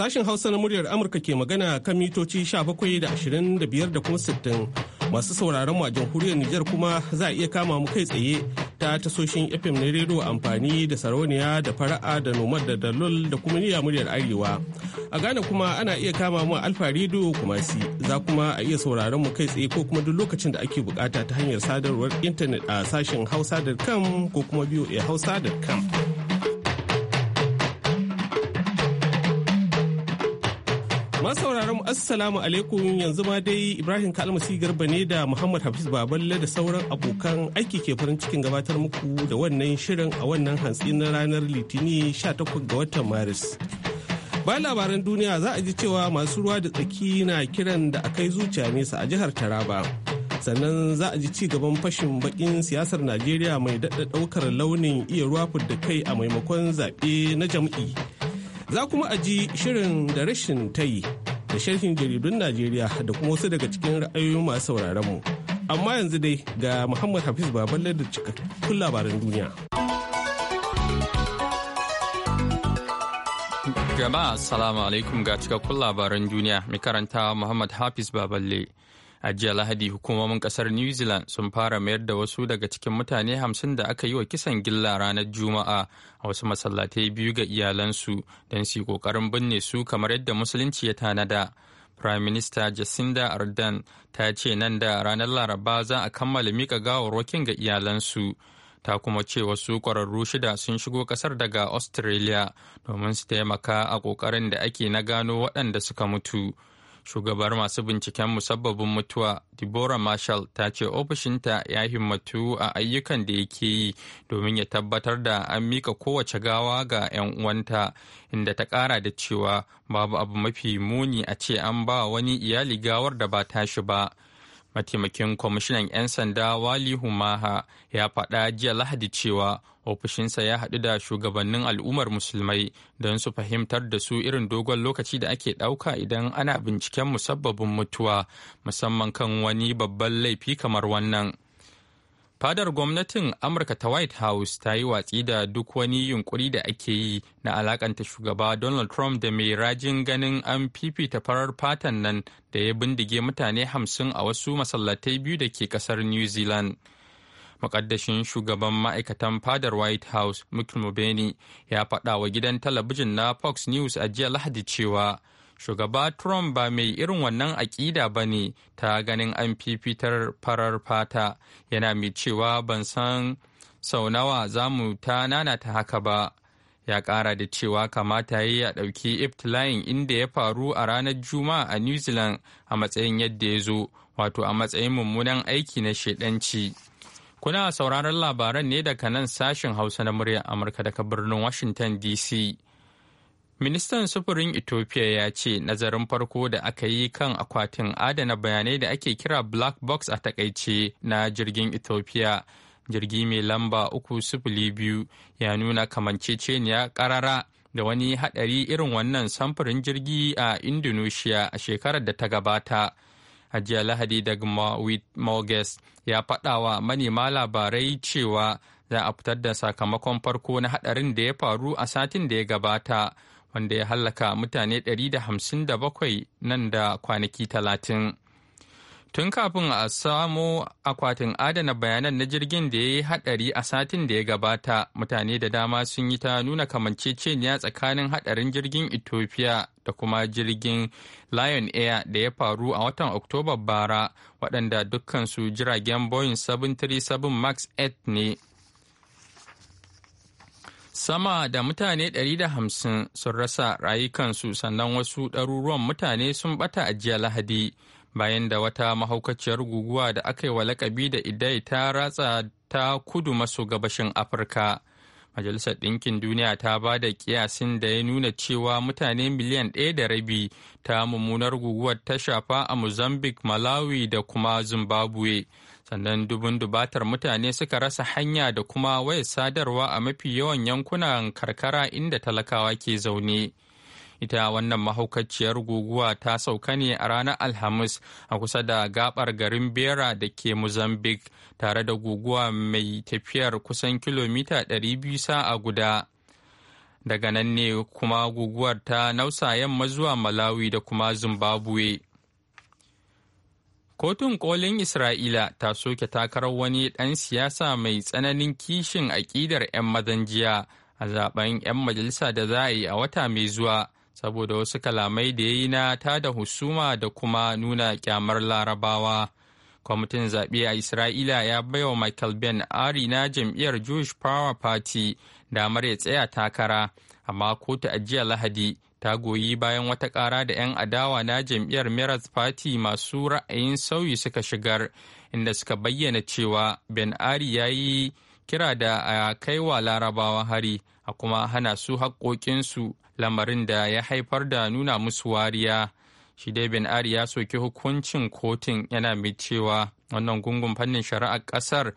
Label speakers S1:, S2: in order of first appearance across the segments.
S1: Sashen Hausa na muryar Amurka ke magana kan mitoci 17 da 25 da kuma 60. Masu sauraron mu a jamhuriyar Nijar kuma za a iya kama mu kai tsaye ta tasoshin FM na rediyo amfani da sarauniya da fara'a da nomad da dalol da kuma niyya muryar Arewa. A Ghana kuma ana iya kama mu a Alfa Radio kuma si za kuma a iya sauraron mu kai tsaye ko kuma duk lokacin da ake bukata ta hanyar sadarwar intanet a sashen hausa.com ko kuma da hausa.com. Masu sauraron assalamu alaikum yanzu ma dai Ibrahim Kalmasi Garba ne da Muhammad Hafiz Baballe da sauran abokan aiki ke farin cikin gabatar muku da wannan shirin a wannan hantsi na ranar Litini 18 ga watan Maris. Bayan labaran duniya za a ji cewa masu ruwa da tsaki na kiran da akai zuciya nesa a jihar Taraba. Sannan za a ji ci gaban fashin bakin siyasar Najeriya mai daɗa ɗaukar launin iya ruwa da kai a maimakon zaɓe na jam'i. Za kuma a ji shirin da rashin tayi da sharhin jaridun Najeriya da kuma wasu daga cikin ra'ayoyin masu sauraron mu. Amma yanzu dai ga Muhammad Hafiz Baballe da cikakkun labaran
S2: duniya. Jama'a, Assalamu alaikum ga cikakkun labaran duniya, mai karanta Muhammad Hafiz Baballe. a jiya lahadi hukumomin kasar new zealand sun fara mayar da wasu daga cikin mutane hamsin da aka yi wa kisan gilla ranar juma'a a wasu masallatai biyu ga iyalansu don su kokarin binne su kamar yadda musulunci ya tanada prime minister jacinda ardern ta ce nan da ranar laraba za a kammala mika gawarwakin ga iyalansu ta kuma ce wasu ƙwararru shida sun shigo kasar daga australia domin su taimaka a ƙoƙarin da ake na gano waɗanda suka mutu Shugabar masu binciken musabbabin mutuwa Deborah Marshall ta ce ofishinta ya himmatu a ayyukan da yake yi domin ya tabbatar da an mika kowace gawa ga 'yan uwanta inda ta kara da cewa babu abu mafi muni a ce an ba wani iyali gawar da ba tashi ba. mataimakin kwamishinan 'yan sanda wali humaha ya faɗa jiya lahadi cewa ofishinsa ya haɗu da shugabannin al'ummar musulmai don su fahimtar da su irin dogon lokaci da ake ɗauka idan ana binciken musabbabin mutuwa musamman kan wani babban laifi kamar wannan. Fadar gwamnatin Amurka ta White House ta yi watsi da duk wani yunkuri da ake yi na alakanta shugaba Donald Trump da mai rajin ganin an fifita farar fatan nan da ya bindige mutane hamsin a wasu masallatai biyu da ke kasar New Zealand. Makaddashin shugaban ma'aikatan fadar White House, Mick mubeni ya faɗa wa gidan talabijin na Fox News a jiya Lahadi cewa shugaba trump ba mai irin wannan aƙida ba ne ta ganin an fifitar farar fata yana mai cewa ban san sau nawa za mu ta nanata haka ba ya ƙara da cewa kamata ya ya ɗauki iftilayin inda ya faru a ranar juma'a a new zealand a matsayin yadda ya zo wato a matsayin mummunan aiki na shaidanci. Kuna sauraron labaran ne daga nan sashen Hausa na muryar Amurka daga birnin Washington DC. Ministan sufurin Ethiopia ya ce nazarin farko da aka yi kan akwatin adana bayanai da ake kira black box a takaice na jirgin Ethiopia. Jirgi mai lamba uku sufuli biyu ya nuna kamanceceniya karara da wani haɗari irin wannan samfurin jirgi a Indonesia a shekarar da ta gabata. a jiya lahadi daga morges ya faɗa wa manema labarai cewa za a fitar da sakamakon farko na haɗarin da ya faru a satin da ya gabata wanda ya hallaka mutane 157 nan da kwanaki 30 tun kafin a samo akwatin adana bayanan na jirgin da ya yi haɗari a satin da ya gabata mutane da dama sun yi ta nuna kamance kamanceceniya tsakanin haɗarin jirgin ethiopia da kuma jirgin lion air da ya faru a watan oktoba bara waɗanda dukkansu jiragen boeing 737 max 8 ne Sama da mutane 150 sun rasa rayukansu sannan wasu ɗaruruwan mutane sun bata a jiya Lahadi bayan da wata mahaukaciyar guguwa da aka yi wa lakabi da idai ta ratsa ta kudu maso gabashin Afirka. Majalisar Ɗinkin Duniya ta ba da kiyasin da ya nuna cewa mutane miliyan ɗaya da rabi ta mummunar guguwar ta shafa a Mozambique, Malawi da kuma Zimbabwe. sannan dubun dubatar mutane suka rasa hanya da kuma waya sadarwa a mafi yawan yankunan karkara inda talakawa ke zaune. ita wannan mahaukaciyar guguwa ta sauka ne a ranar alhamis a kusa da gabar garin bera da ke mozambique tare da guguwa mai tafiyar kusan kilomita 200 sa'a guda daga nan ne kuma guguwar ta nausa yamma zuwa malawi da kuma zimbabwe Kotun kolin Isra'ila ta soke takarar wani ɗan siyasa mai tsananin kishin aƙidar 'yan mazan jiya a zaben 'yan majalisa da za a yi a wata mai zuwa saboda wasu kalamai da ya yi na da husuma da kuma nuna kyamar larabawa. Kwamitin zaɓe a Isra'ila ya baiwa Michael Ben Ari na jam'iyyar Jewish Power Party damar ya tsaya takara, amma kotu a jiya Lahadi ta goyi bayan wata kara da 'yan adawa na jam'iyyar Meretz Party masu ra'ayin sauyi suka shigar inda suka bayyana cewa Ben Ari ya yi kira da a wa larabawa hari a kuma hana su haƙoƙinsu lamarin da ya haifar da nuna musu wariya. Shi dai Ben Ari ya soki hukuncin kotun yana mai cewa wannan gungun fannin shari'ar ƙasar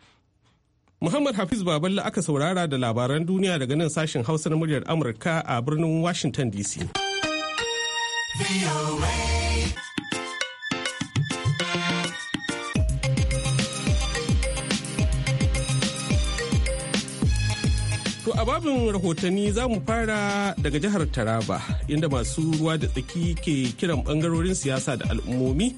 S1: Muhammad Hafiz Baballe aka saurara da labaran duniya daga nan sashen Hausa na muryar Amurka a birnin Washington DC. To a babin rahotanni za mu fara daga jihar Taraba inda masu ruwa da tsaki ke kiran bangarorin siyasa da al'ummomi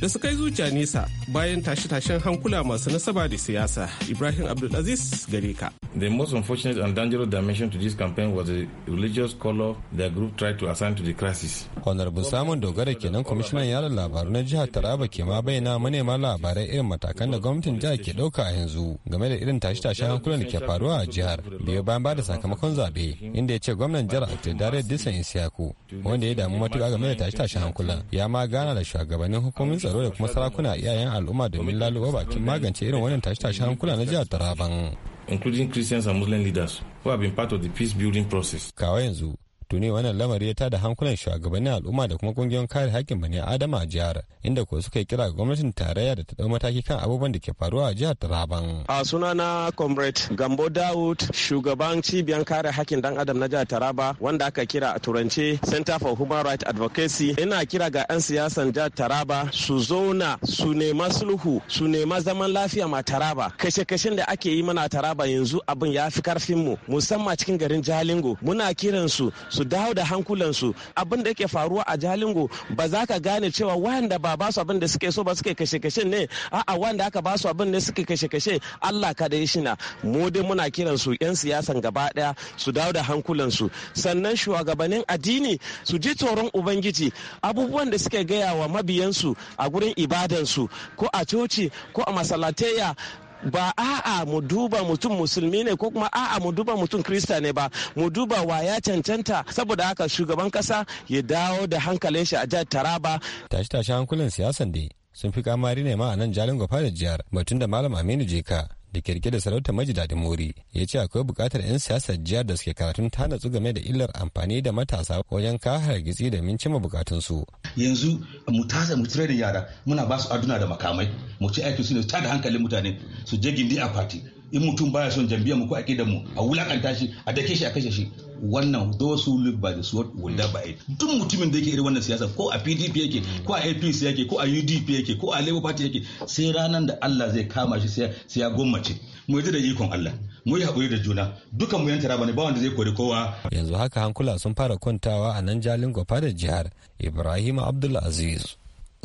S1: da su kai zuciya nesa bayan tashe-tashen hankula masu nasaba da siyasa ibrahim abdulaziz gare ka
S3: the most unfortunate and dangerous dimension to this campaign was the religious color the group tried to assign to the crisis honorable samun dogara kenan kwamishinan yada labaru na jihar taraba ke ma bayyana manema labarai irin matakan da gwamnatin jihar ke dauka a yanzu game da irin tashe-tashen hankulan da ke faruwa a jihar biyo bayan bada sakamakon zabe inda ya ce gwamnan jihar aktidare disan isiyaku wanda ya damu matuƙa game da tashe-tashen hankula ya ma gana da shugabannin hukumin tsaro da kuma sarakuna iyayen al'umma domin laluba bakin magance irin wannan tashe-tashe hankula na jihar Taraban. Including Christians and Muslim leaders who have been part of the peace building process. Kawai yanzu tuni wannan lamari ya tada hankulan shugabannin al'umma da kuma kungiyoyin kare haƙƙin bani adama a jihar inda ko suka yi kira ga gwamnatin tarayya da ta ɗau mataki kan abubuwan da ke faruwa a jihar taraban
S4: a sunana comrade gambo daud shugaban cibiyar kare haƙƙin dan adam na jihar taraba wanda aka kira a turance center for human rights advocacy ina kira ga 'yan siyasan jihar taraba su zauna su nema sulhu su nema zaman lafiya ma taraba kashe-kashen da ake yi mana taraba yanzu abin ya fi karfin mu musamman cikin garin jalingo muna kiran su su dawo da hankulansu abin da yake faruwa a jalingo ba za ka gane cewa wanda ba ba su abin da suke so ba suke kashe kashe ne a'a wanda aka ba su abin da suke kashe-kashe Allah ka dai shina mu dai muna kiran su yan siyasan gaba daya su dawo da hankulansu sannan shugabannin addini su ji tsoron ubangiji abubuwan da suke gaya wa mabiyansu a gurin ibadansu ko a coci ko a masallateya ba a'a mu duba mutum musulmi ne ko kuma a'a mu duba mutum krista ne ba mu duba wa ya cancanta saboda haka shugaban kasa ya dawo da hankalin shi a jihar taraba
S3: tashi-tashi hankulin siyasan dai sun fi kamari ne ma a nan jalin gwafa da jihar batun da malam aminu jeka da kirki da sarauta maji mori ya ce akwai bukatar 'yan siyasar jihar da suke karatun ta natsu game da illar amfani da matasa wajen kawo gitsi da min cima bukatunsu.
S4: yanzu mu tasa mu da yara muna ba su aduna da makamai mu ci aikin su ne ta da hankalin mutane su je gindi a fati in mutum baya son jam'iyyar mu ko akidar mu a wulakanta shi a dake shi a kashe shi wannan those who live by the sword will die by duk mutumin da yake irin wannan siyasa ko a PDP yake ko a APC yake ko a UDP yake ko a Labour Party yake sai ranar da Allah zai kama shi sai ya gommace mu yi da ikon Allah mu yi haƙuri da juna dukan mu yan taraba ne ba wanda zai kori kowa
S3: yanzu haka hankula sun fara kwantawa a nan jalin gofa da jihar Ibrahim Abdul Aziz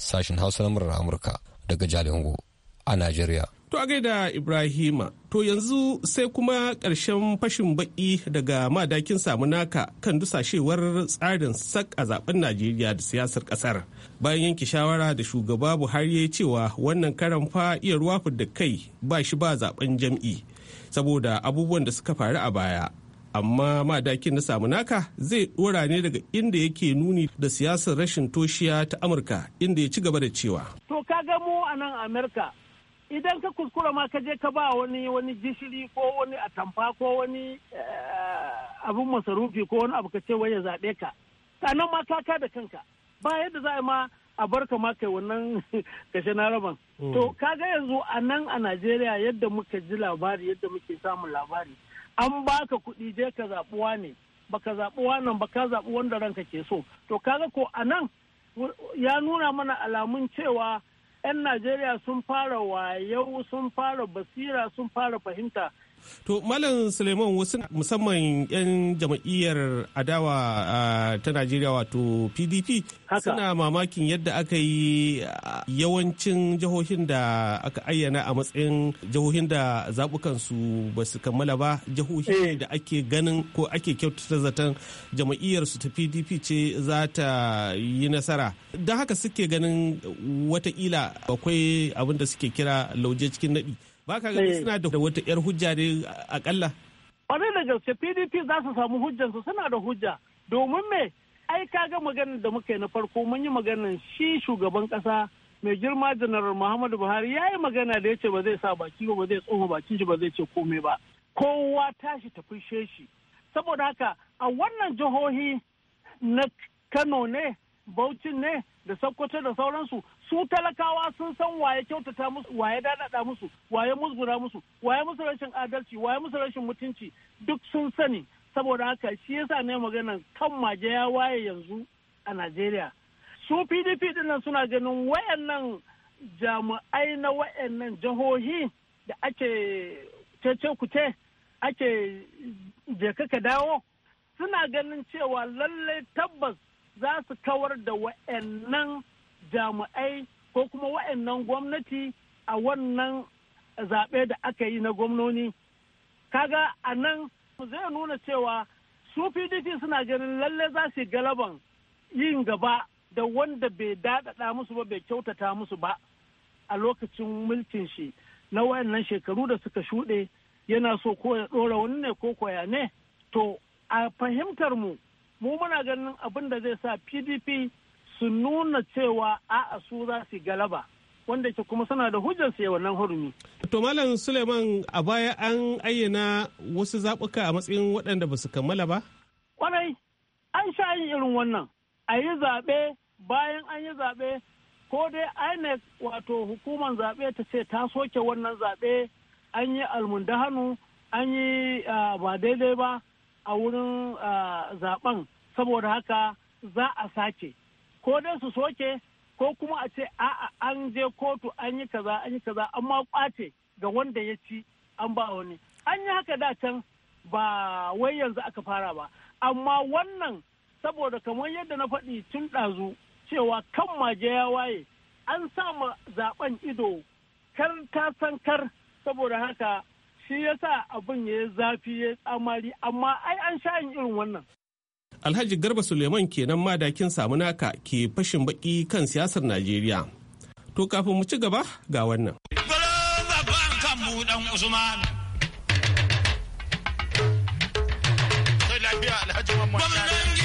S3: sashin Hausa na Amurka daga Jalingo a Najeriya
S1: To a gaida Ibrahima, to yanzu sai kuma ƙarshen fashin baƙi daga madakin samunaka kan dusashewar tsarin sak a zaben Najeriya da siyasar ƙasar. Bayan yanke shawara da shugaba Buhari ya cewa wannan karan fa iya ruwa da kai ba shi ba zaben jam'i saboda abubuwan da suka faru a baya. Amma madakin na samunaka zai ɗora ne daga inda yake nuni da siyasar rashin toshiya ta Amurka inda ya ci gaba da cewa.
S5: To kaga mu a nan Amurka idan ka kuskura ma ka je ka ba wani wani gishiri ko wani atamfa ko wani eh, abin masarufi ko wani abu ka ce wai ya zaɓe ka sannan ma ka da kanka ba yadda za a ma a bar ka ma kai wannan kashe na raban hmm. to ka ga yanzu a nan a najeriya yadda muka ji labari yadda muke samun labari an baka kuɗi je ka zaɓuwa ne baka zaɓi wannan ba ka zaɓi wanda ranka ke so to kaga ko a nan ya nuna mana alamun cewa 'yan najeriya sun fara wayau sun fara basira sun fara fahimta To Malam
S1: Suleiman wasu musamman 'yan jama'iyyar adawa ta Najeriya wato PDP suna mamakin yadda aka yi yawancin jihohin da aka ayyana a matsayin jihohin da zaɓukansu ba su kammala ba jihohi eh. da ake ganin ko ake kyautata zaton jama'iyyarsu ta PDP ce za ta yi nasara. Don haka suke ganin watakila akwai abin da suke kira lauje cikin naɗi. ba ka gani eh. suna da wata yar hujja ne akalla
S5: ƙwarai da gaske pdp za su samu hujjansu suna da hujja domin me ai ga maganar da muka yi na farko mun yi maganar shi shugaban kasa. mai girma janar muhammadu buhari ya yi magana da ya ce ba zai sa baki ba zai tsoho bakin shi ba zai ce komai ba kowa tashi ta fushe shi saboda haka a wannan jihohi na kano ne bauchi ne da sokoto da sauransu su talakawa sun san waye kyautata musu waye dadada musu waye musguna musu waye musu rashin adalci waye musu rashin mutunci duk sun sani saboda haka shi yasa ne magana kan maje ya waye yanzu a Najeriya su PDP dinnan suna ganin wayannan jami'ai na wayannan jihohi da ake cece kuce ake je kaka dawo suna ganin cewa lallai tabbas za su kawar da wayannan jami'ai ko kuma wa'annan gwamnati a wannan zaɓe da aka yi na gwamnoni kaga a nan zai nuna cewa su pdp suna ganin lalle za su galaban yin gaba da wanda bai daɗaɗa musu ba bai kyautata musu ba a lokacin mulkin shi na wayannan shekaru da suka shuɗe yana so ko ya ɗora wani ne ko koya ne to a fahimtar mu mu muna ganin abin da zai sa pdp su nuna cewa a'a su za su galaba wanda ke kuma suna da hujjar su wannan hurumi. To
S1: Malam Suleiman a baya an ayyana wasu zaɓuka a matsayin waɗanda ba su kammala ba?
S5: Kwarai, an sha yin irin wannan. A yi zaɓe bayan an yi zaɓe ko dai INEC wato hukumar zaɓe ta ce ta soke wannan zaɓe an yi almundahanu an yi ba daidai ba a wurin zaɓen saboda haka za a sake. ko dai su soke ko kuma a ce a'a an je kotu an yi kaza an yi kaza amma kwace ga wanda ya ci an ba wani an yi haka da can ba wai yanzu aka fara ba amma wannan saboda kamar yadda na faɗi tun ɗazu cewa kan maje ya waye an sa ma zaben ido kar ta san kar saboda haka shi yasa abin ya zafi ya tsamari amma ai an sha yin irin wannan
S1: Alhaji Garba Suleiman kenan madakin naka ke fashin baki kan siyasar Najeriya. To kafin mu ci gaba ga wannan.
S4: Gwamnan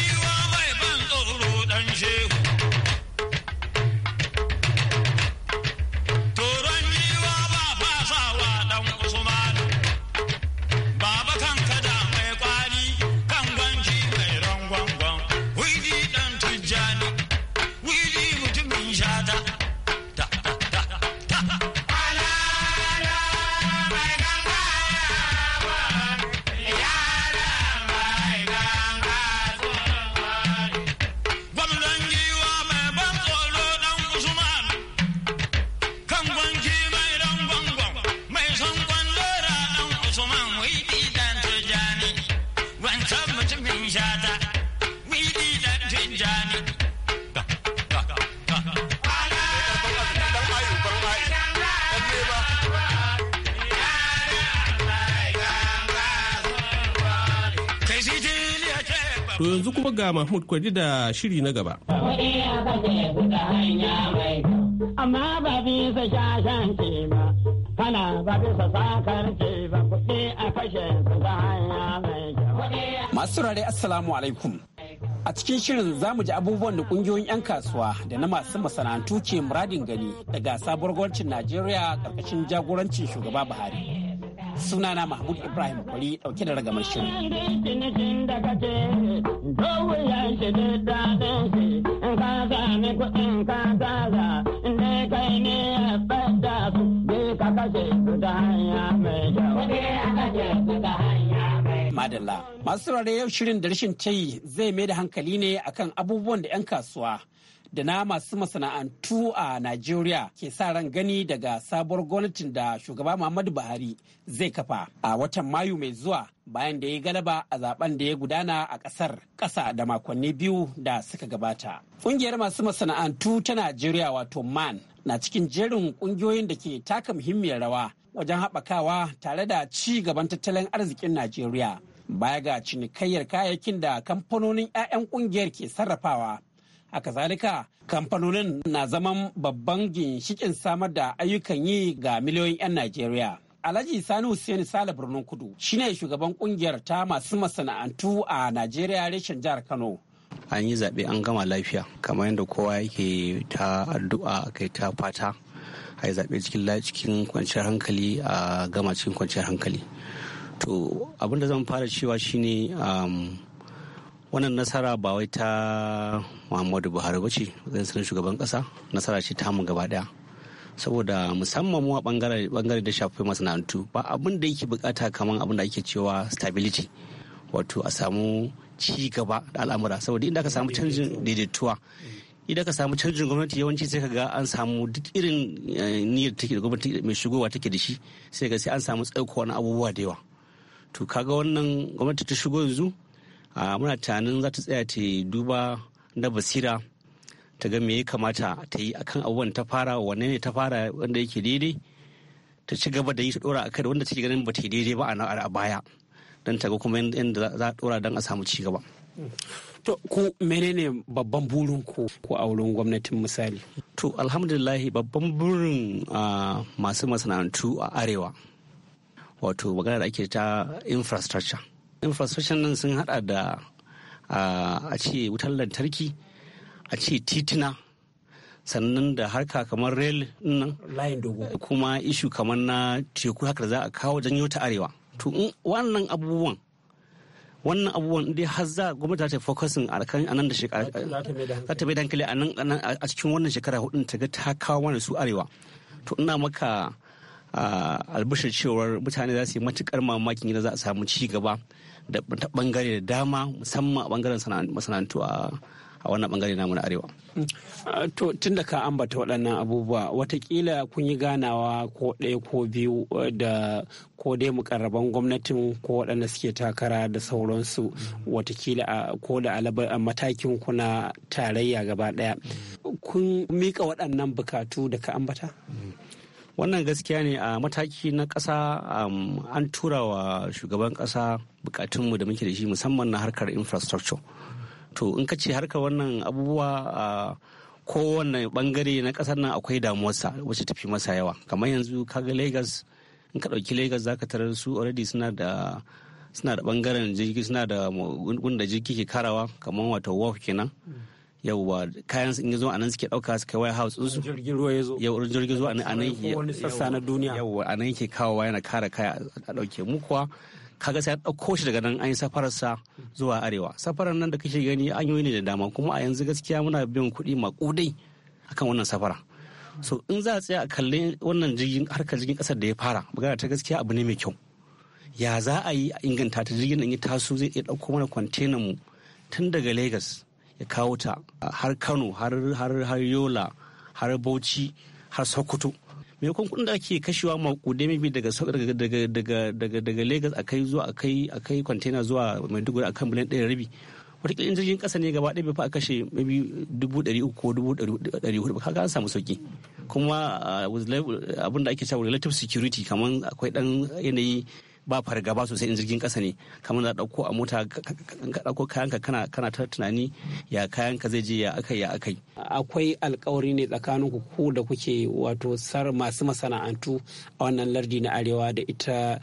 S1: ga Mahmud Kwadi da shiri na gaba.
S6: Amma ba bisa ba, kana ba bisa ba, kuɗi a su ta Masu rare Assalamu alaikum. A cikin shirin zamu ji abubuwan da kungiyoyin 'yan kasuwa da na masu masana'antu ke muradin gani daga sabuwar gwamnatin Najeriya ƙarƙashin jagorancin shugaba Buhari. sunana mahmud ibrahim kwali dauke da ragamar shirin madalla masu saurare yau shirin da rashin tayi zai mai da hankali ne akan abubuwan da 'yan kasuwa da na masu masana'antu a Najeriya ke sa ran gani daga sabuwar gwamnatin da shugaba Muhammadu Buhari zai kafa a watan Mayu mai zuwa bayan da ya yi galaba a zaben da ya gudana a ƙasar ƙasa da makonni biyu da suka gabata. Ƙungiyar masu masana'antu ta Najeriya wato MAN na cikin jerin ƙungiyoyin da ke taka muhimmiyar rawa wajen haɓakawa tare da ci gaban tattalin arzikin Najeriya. Baya ga cinikayyar kayayyakin da kamfanonin 'ya'yan ƙungiyar ke sarrafawa A kazalika, kamfanonin na zaman babban ginshikin samar da ayyukan yi ga miliyoyin 'yan najeriya Alhaji Sani Hussein Sale Birnin Kudu shine shugaban kungiyar ta masu masana'antu a Najeriya reshen jihar Kano.
S7: An yi zaɓe an gama lafiya kamar yadda kowa yake ta addu'a kai ta fata a yi zaɓe cikin kwanciyar hankali a gama cikin kwanciyar hankali. To abinda zan fara cewa shine um, wannan nasara ba wai ta muhammadu buhari ba ce zai sanar shugaban kasa nasara ce ta mu gaba daya saboda musamman mu a bangare da shafi masana'antu ba abin da yake bukata kamar abin da ake cewa stability wato a samu ci gaba da al'amura saboda inda aka samu canjin daidaituwa idan ka samu canjin gwamnati yawanci sai ka ga an samu duk irin eh, niyyar take da gwamnati mai shigowa take da shi sai ga sai an samu tsaiko wani abubuwa da yawa to kaga wannan gwamnati ta shigo yanzu muna tunanin za ta tsaya ta duba na basira ta ga me ya kamata ta yi akan abubuwan ta fara wanne ne ta fara wanda yake daidai ta ci gaba da yi ta dora akai wanda take ganin ba ta daidai ba a baya don ta ga kuma yadda za a dora dan a samu ci gaba. To ku menene babban burin ku ko a wurin gwamnatin misali? To alhamdulillah babban burin masu masana'antu a arewa wato magana da ake ta infrastructure infrastructure nan sun hada da a ce wutar lantarki a ce titina sannan da harka kamar rail nan kuma ishu kamar na teku haka za a kawo janyo ta arewa to wannan abubuwan wannan abubuwan dai har za gwamnati ta focusing a kan anan da shekara za ta mai dankali a nan a cikin wannan shekara hudu ta ga ta kawo mana su arewa to ina maka albishir cewar mutane za su yi matukar mamakin yadda za a samu ci gaba da bangare da dama musamman a bangaren masana'antu a wannan bangare namu na arewa. To tun da ka ambata waɗannan abubuwa watakila kun yi
S6: ganawa ko ɗaya ko biyu eh, da ko dai mukarraban gwamnatin ko waɗanda suke takara da sauransu watakila ko da matakin kuna tarayya gaba ɗaya. Kun mika waɗannan bukatu da ka ambata?
S7: wannan gaskiya ne a mataki na ƙasa an tura wa shugaban ƙasa bukatunmu da muke da shi musamman na harkar infrastructure to in ka ce harkar wannan abubuwa a kowane bangare na ƙasar nan akwai damuwarsa wacce tafi masa yawa kamar yanzu kaga lagos in ka ɗauki lagos ka tarar su already suna da suna da bangaren jirgi suna da wanda jirgi ke karawa kamar wato wharf kenan yauwa kayan in zo a nan suke dauka suka waya house din su jirgin ruwa yau jirgin ruwa a nan wani sassa na duniya yauwa a nan yake kawowa yana kare kaya a dauke mu kuwa kaga sai ɗauko shi daga nan an yi safarar sa zuwa arewa safarar nan da kake gani an yi ne da dama kuma a yanzu gaskiya muna biyan kuɗi makudai akan wannan safara so in za a tsaya a kalli wannan jirgin harkar jirgin ƙasar da ya fara magana ta gaskiya abu ne mai kyau ya za a yi a inganta ta jirgin nan ya taso zai iya ɗauko mana kwantenan mu tun daga lagos ya kawo ta har kano har yola har bauchi har sokoto maimakon kuɗin da ake kashewa makude mai daga daga daga daga daga Lagos akai zuwa akai akai container zuwa Maiduguri akan miliyan ɗaya rabi wataƙila in jirgin ƙasa ne gaba ɗaya bai fa a kashe maybe dubu ɗari uku ko dubu ɗari hudu kaga an samu sauki kuma uh, abin da ake cewa relative security kamar akwai ɗan yanayi ba fargaba sosai in jirgin kasa ne kamar da dauko a mota ka dauko kayanka kana kana ta tunani ya kayanka zai je ya akai ya akai
S6: akwai alkawari ne tsakanin ku ku da kuke wato sar masu masana'antu a wannan lardi na arewa da ita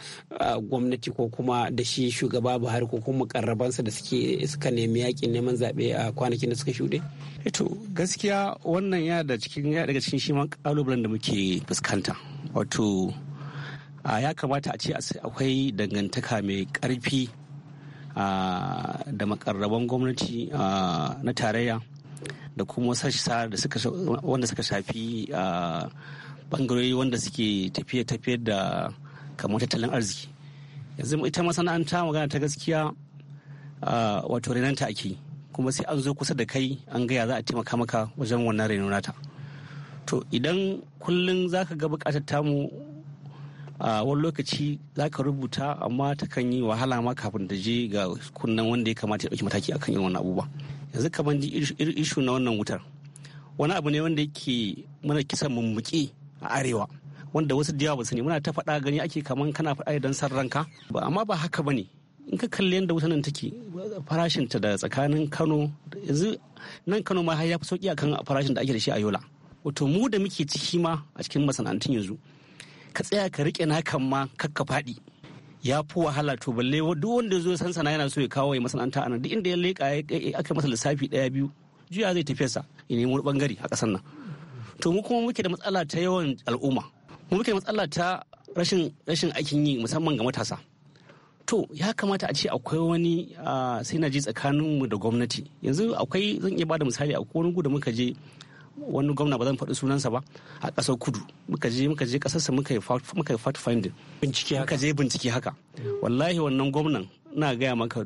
S6: gwamnati ko kuma da shi shugaba Buhari ko kuma karrabansa da suke suka nemi yakin neman zaɓe a kwanakin da suka shuɗe
S7: eh to gaskiya wannan ya da cikin ya daga cikin shi ma kalubalen da muke fuskanta wato ya kamata a ce akwai dangantaka mai karfi da makarraban gwamnati na tarayya da kuma sassa wanda suka shafi bangarori wanda suke tafiye-tafiye da kamar tattalin arziki yanzu ita masana'anta magana ta gaskiya wato renanta ake kuma sai an zo kusa da kai an gaya za a taimaka maka wajen wannan renonata to idan kullum za ka ga bukatar tamu a wani lokaci za ka rubuta amma takan yi wahala ma kafin da je ga kunnen wanda ya kamata ya ɗauki mataki akan irin wannan abubuwa yanzu kamar ishu na wannan wutar wani abu ne wanda yake muna kisan mummuke a arewa wanda wasu da yawa ba sani muna ta faɗa gani ake kaman kana faɗa idan san ranka ba amma ba haka bane in ka kalli yadda wutar nan take farashinta da tsakanin Kano yanzu nan Kano ma har ya fi sauki akan farashin da ake da shi a Yola wato mu da muke ciki ma a cikin masana'antun yanzu ka tsaya ka rike nakan ma kakka faɗi ya fi wahala to balle duk wanda zo san sana yana so ya kawo ya masana'anta nan. duk inda ya leka eh, aka masa lissafi ɗaya biyu juya zai tafi sa ya nemi bangare a ƙasar nan to mu kuma muke da matsala ta yawan al'umma mu muke da matsala ta rashin rashin aikin yi musamman ga matasa to ya kamata a ce akwai wani sai na ji tsakaninmu da gwamnati yanzu akwai zan iya bada misali a wani da muka je wani gwamna ba zan faɗi sunansa ba a ƙasar kudu muka je muka je ƙasarsa muka yi fact finding bincike muka je bincike haka wallahi wannan gwamnan ina gaya maka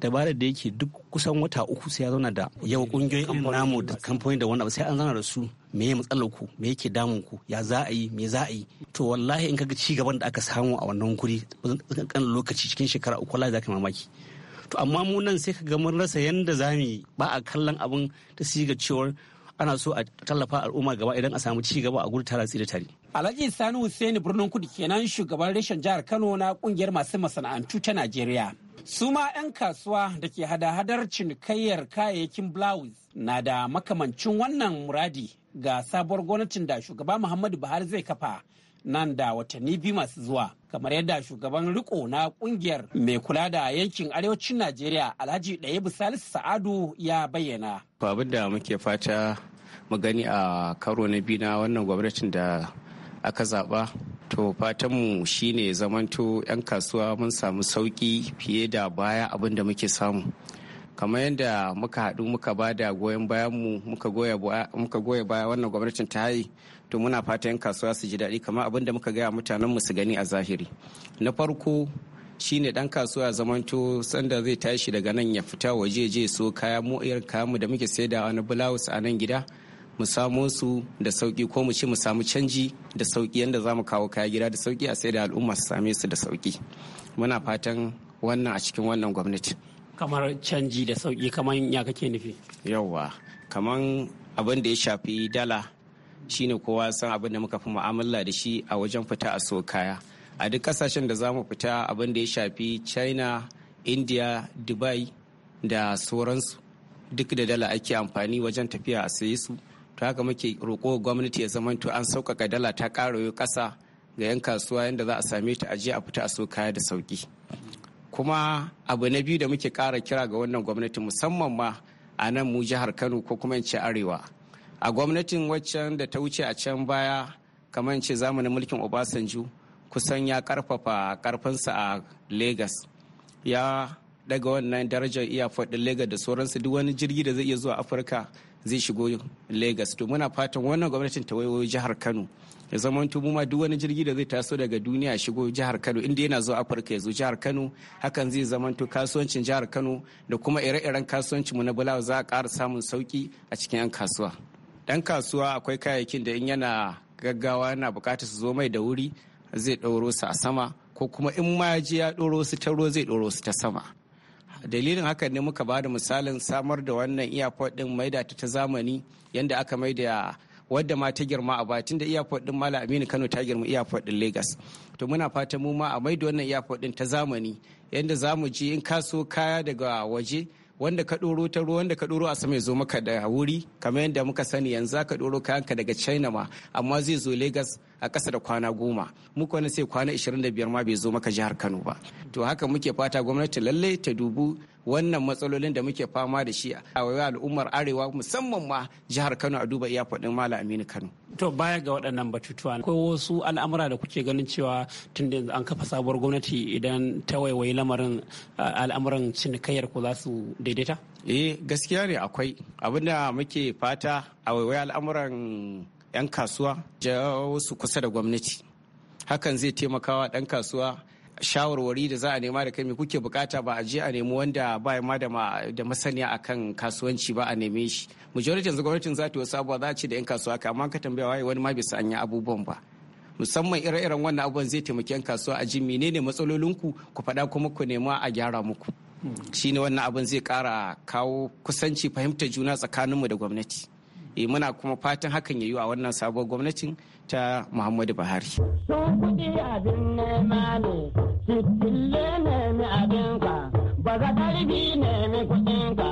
S7: dabarar da yake duk kusan wata uku sai ya zauna da yau kungiyoyin namu da kamfani da wani sai an zauna da su me ya matsalar ku me yake damun ku ya za a yi me za a yi to wallahi in kaga ci gaban da aka samu a wannan guri kan lokaci cikin shekara uku wallahi zaka mamaki to amma mu nan sai ka ga mun rasa yanda za mu ba a kallon abin ta siga cewar ana so a tallafa al'umma gaba idan a samu ci gaba a gurin tara tsire tare. Alhaji
S6: Sani Hussein birnin kudu kenan shugaban reshen jihar Kano na kungiyar masu masana'antu ta Najeriya. Su ma 'yan kasuwa da ke hada-hadar cinikayyar kayayyakin blouse na da makamancin wannan muradi ga sabuwar gwamnatin da shugaba Muhammadu Buhari zai kafa nan da watanni biyu masu zuwa kamar yadda shugaban riko na kungiyar mai kula da yankin arewacin najeriya alhaji daya salisu sa'adu ya bayyana
S8: abin da muke fata mu gani a karo na biyu na wannan gwamnatin da aka zaɓa to fatanmu shine zamanto 'yan kasuwa mun samu sauƙi fiye da baya abin da muke samu kamar yadda muka haɗu muka ba da goyon bayanmu muka goya baya wannan gwamnatin ta yi to muna fata 'yan kasuwa su ji daɗi kamar abin da muka gaya mutanenmu su gani a zahiri na farko shine ɗan kasuwa zamanto sanda zai tashi daga nan ya fita waje je so kaya mu kayanmu da muke sayar saidawa na bulawus a nan gida mu samo su da sauki ko mu ce mu samu canji da sauki yadda za mu kawo kaya gida da sauki a sai da al'umma su same su da sauki muna fatan wannan a cikin wannan gwamnati kamar canji da sauki kamar ya kake nufi yawwa kamar abin da ya shafi dala shine kowa san abin da muka fi mu'amala da shi a wajen fita a so kaya a duk kasashen da za mu fita abin da ya shafi china india dubai da sauransu duk da dala ake amfani wajen tafiya a saye su ta haka muke roƙo gwamnati ya zamanto an sauƙaƙa dala ta ƙara wayo ƙasa ga 'yan kasuwa yadda za a same ta ajiye a fita a so kaya da sauƙi kuma abu na biyu da muke ƙara kira ga wannan gwamnati musamman ma a nan mu jihar kano ko kuma in ce arewa a gwamnatin waccan da ta wuce a can baya kamar ce zamanin mulkin obasanjo kusan ya karfafa karfinsa a lagos ya daga wannan darajar iya faɗin lagos da sauransu duk wani jirgi da zai iya zuwa afirka zai shigo Legas. To muna fatan wannan gwamnatin ta wayo jihar Kano. Ya zama mu ma duk wani jirgi da zai taso daga duniya shigo jihar Kano inda yana zuwa Afirka ya zo jihar Kano hakan zai zama to kasuwancin jihar Kano da kuma ire-iren kasuwancin mu na Bulawa za a ƙara samun sauki a cikin 'yan kasuwa. Dan kasuwa akwai kayayyakin da in yana gaggawa yana buƙatar su zo mai da wuri zai ɗauro su a sama ko kuma in ma ya je ya ɗauro su ta ruwa zai ɗauro su ta sama dalilin haka ne muka ba da misalin samar da wannan airport din maida ta ta zamani yadda aka maida wadda ma ta girma a batun da airport din Malam Aminu Kano ta girma airport din Lagos to muna fata mu ma a maida wannan airport din ta zamani yadda za mu je in kaso kaya daga waje wanda ka ɗoro ta ruwa wanda ka ɗoro a sama ya zo maka da wuri kamar yadda muka sani yanzu ka ɗoro ka daga china ma amma zai zo lagos a ƙasa da kwana goma muku wani sai kwana 25 ma bai zo maka jihar kano ba to haka muke fata gwamnati lalle ta dubu wannan matsalolin da muke fama da shi a al'ummar arewa musamman ma jihar kano a duba iya faɗin malam aminu kano
S6: To baya ga waɗannan batutuwa Akwai wasu al'amura da kuke ganin cewa tun da an kafa sabuwar gwamnati idan ta waiwayi lamarin
S8: al'amuran cinikayyar ko za su daidaita? Eh gaskiya ne akwai abinda muke fata a waiwayi al'amuran 'yan kasuwa jawo su kusa da gwamnati. Hakan zai taimakawa ɗan kasuwa shawarwari da za a nema da kai me kuke bukata ba a je a nemi wanda ba ma da masaniya kan kasuwanci ba a neme shi majority yanzu gwamnatin za ta yi sabuwa za a ce da yan kasuwa ka amma ka tambaya waye wani ma bai san ya abubuwan ba musamman ire-iren wannan abubuwan zai taimaki yan kasuwa a ji menene matsalolin ku ku faɗa kuma ku nema a gyara muku shine wannan abin zai kara kawo kusanci fahimtar juna tsakaninmu da gwamnati eh, muna kuma fatan hakan ya yi a wannan sabuwar gwamnatin ta Muhammadu Buhari.
S5: Sun kuɗi abin nema ne, fitille nemi abinka,
S8: ba za ƙarfi nemi kuɗinka,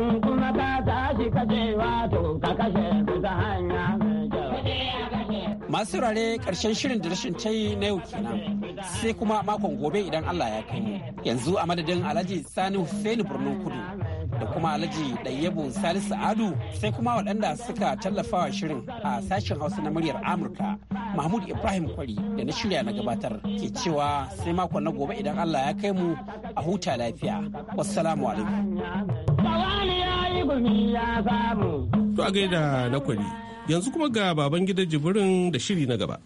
S8: in kuma ka tashi kashe wato ka kashe su hanya mai
S6: kyau. Masu rare ƙarshen shirin da rashin tayi na yau kenan. sai kuma makon gobe idan Allah ya kai Yanzu a madadin Alhaji Sani Hussein Birnin Kudu da kuma alhaji ɗayyabu salisu adu sai kuma waɗanda suka tallafawa shirin a sashen hausa na muryar amurka mahmud ibrahim kwari da na shirya na gabatar ke cewa sai makon na gobe idan allah ya kai mu a
S1: huta lafiya wassalamu alaikum to a gaida na kwari yanzu kuma ga baban gidan jibirin da shiri na gaba.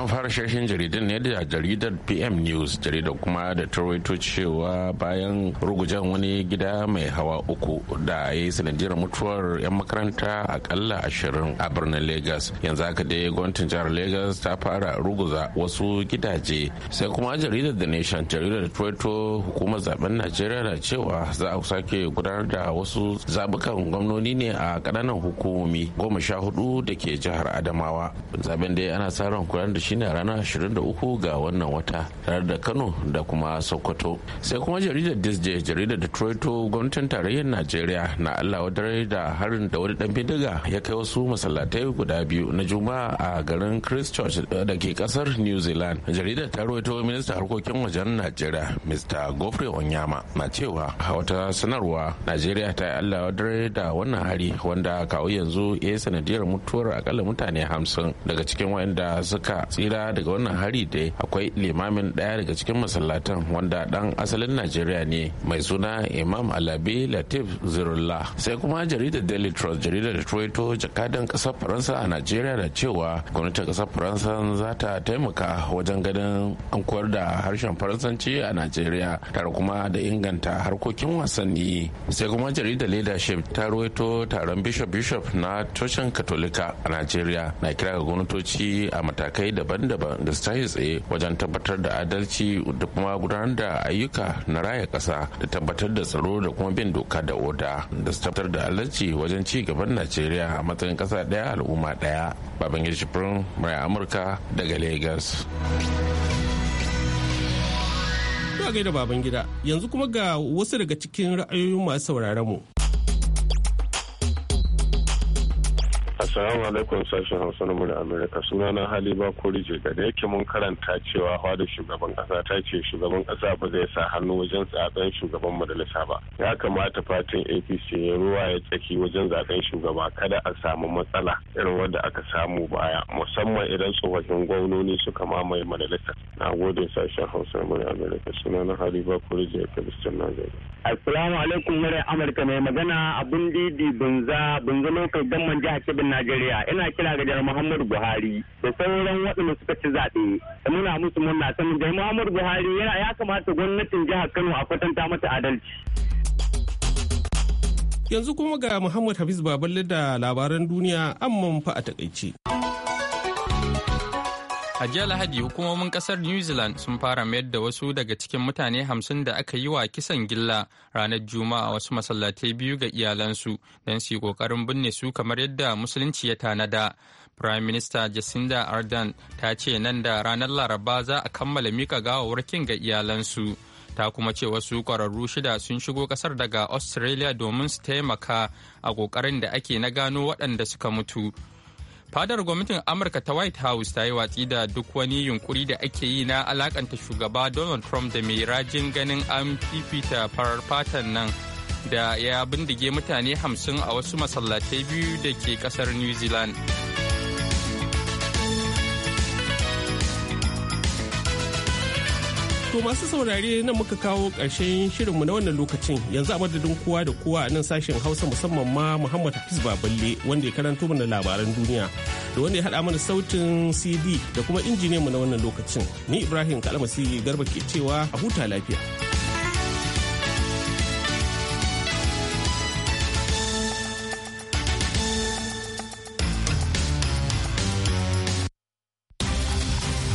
S9: an fara shashin jaridar ne da jaridar pm news jaridar kuma da tarwaito cewa bayan rugujen wani gida mai hawa uku da ya yi sanadiyar mutuwar 'yan makaranta akalla ashirin a birnin lagos yanzu haka dai gwamnatin jihar lagos ta fara ruguza wasu gidaje sai kuma jaridar the nation jaridar da tarwaito hukumar zaben najeriya na cewa za a sake gudanar da wasu zabukan gwamnoni ne a ƙananan hukumomi goma sha hudu da ke jihar adamawa zaben dai ana sa ran da shine ranar 23 ga wannan wata tare da kano da kuma sokoto sai kuma jaridar disney jaridar detroit gwamnatin tarayyar najeriya na allah wadare da harin da wani dan bindiga ya kai wasu masallatai guda biyu na juma'a a garin christchurch da ke kasar new zealand jaridar ta rawaito minista harkokin wajen najeriya mr gofre onyama na cewa a wata sanarwa najeriya ta yi allah wadare da wannan hari wanda kawo yanzu ya yi sanadiyar mutuwar akalla mutane hamsin daga cikin waɗanda suka tsira daga wannan hari da akwai limamin ɗaya daga cikin masallatan wanda ɗan asalin najeriya ne mai suna imam alabi latif zirullah sai kuma jaridar daily trust jaridar detroit jakadan ƙasar faransa a najeriya da cewa gwamnatin ƙasar faransa za ta taimaka wajen ganin an koyar da harshen faransanci a najeriya tare kuma da inganta harkokin wasanni sai kuma jaridar leadership ta ruwaito taron bishop bishop na tushen katolika a najeriya na kira ga gwamnatoci a matakai da daban-daban da su tashi tsaye wajen tabbatar da adalci da kuma gudanar da ayyuka na raya kasa da tabbatar da tsaro da kuma bin doka da oda da su tabbatar da adalci wajen ci gaban najeriya a matsayin kasa daya al'umma ɗaya babangida shifirin amurka daga lagos Ba gaida baban gida yanzu kuma
S1: ga wasu daga cikin ra'ayoyin masu sauraron mu.
S9: Assalamu alaikum sashen Hausa na murya Amerika suna na hali ba korije ga da yake mun karanta cewa da shugaban kasa ta ce shugaban kasa ba zai sa hannu wajen zaben shugaban majalisa ba. Ya kamata fatin APC ya ruwa ya tsaki wajen zaben shugaba kada a samu matsala irin wadda aka samu baya musamman idan tsofaffin gwamnoni suka mamaye majalisa. Na gode sashen Hausa na murya Amerika suna na hali ba korije ga Najeriya.
S4: Assalamu alaikum murya Amurka mai magana abun didi bunza bunza lokacin dan manja a ƙasar Najeriya ina kira ga Jar Muhammadu Buhari da sauran waɗanda suka ci zaɓe da muna musu murna sanin Jar Muhammadu Buhari yana ya kamata gwamnatin jihar Kano a kwatanta mata adalci.
S1: Yanzu kuma ga Muhammad Hafiz Baballe da labaran duniya mun fa a takaice.
S2: A jiya Lahadi hukumomin kasar New Zealand sun fara mayar da wasu daga cikin mutane hamsin da aka yi wa kisan gilla ranar Juma'a wasu masallatai biyu ga iyalansu don su yi kokarin binne su kamar yadda musulunci ya tanada. Prime Minister Jacinda Ardern ta ce nan da ranar Laraba za a kammala mika gawawarkin ga iyalansu. ta kuma ce wasu kwararru shida sun shigo kasar daga australia domin su taimaka a kokarin da ake na gano waɗanda suka mutu fadar gwamnatin amurka ta white house ta yi watsi da duk wani yunkuri da ake yi na alakanta shugaba donald trump da mai rajin ganin an fifita farar fatan nan da ya bindige mutane hamsin a wasu masallatai biyu da ke kasar new zealand
S1: To masu saurare nan muka kawo ƙarshen shirinmu na wannan lokacin yanzu a madadin kowa da kowa a nan sashen Hausa musamman ma Muhammad Hafiz Baballe wanda ya karanto mana labaran duniya da wanda ya haɗa mana sautin CD da kuma injiniyanmu na wannan lokacin. Ni Ibrahim Kalamasi Garba ke cewa a huta lafiya.